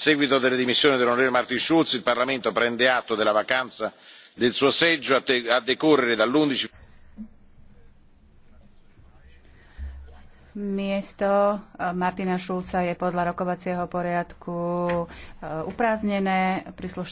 seguito delle dimissioni dell'on. martin schulz il parlamento prende atto della vacanza del suo seggio a decorrere dall' undici. Miesto eh, Martina schulza je podľa rokovacieho poriadku eh, uprázdnené. Príslušný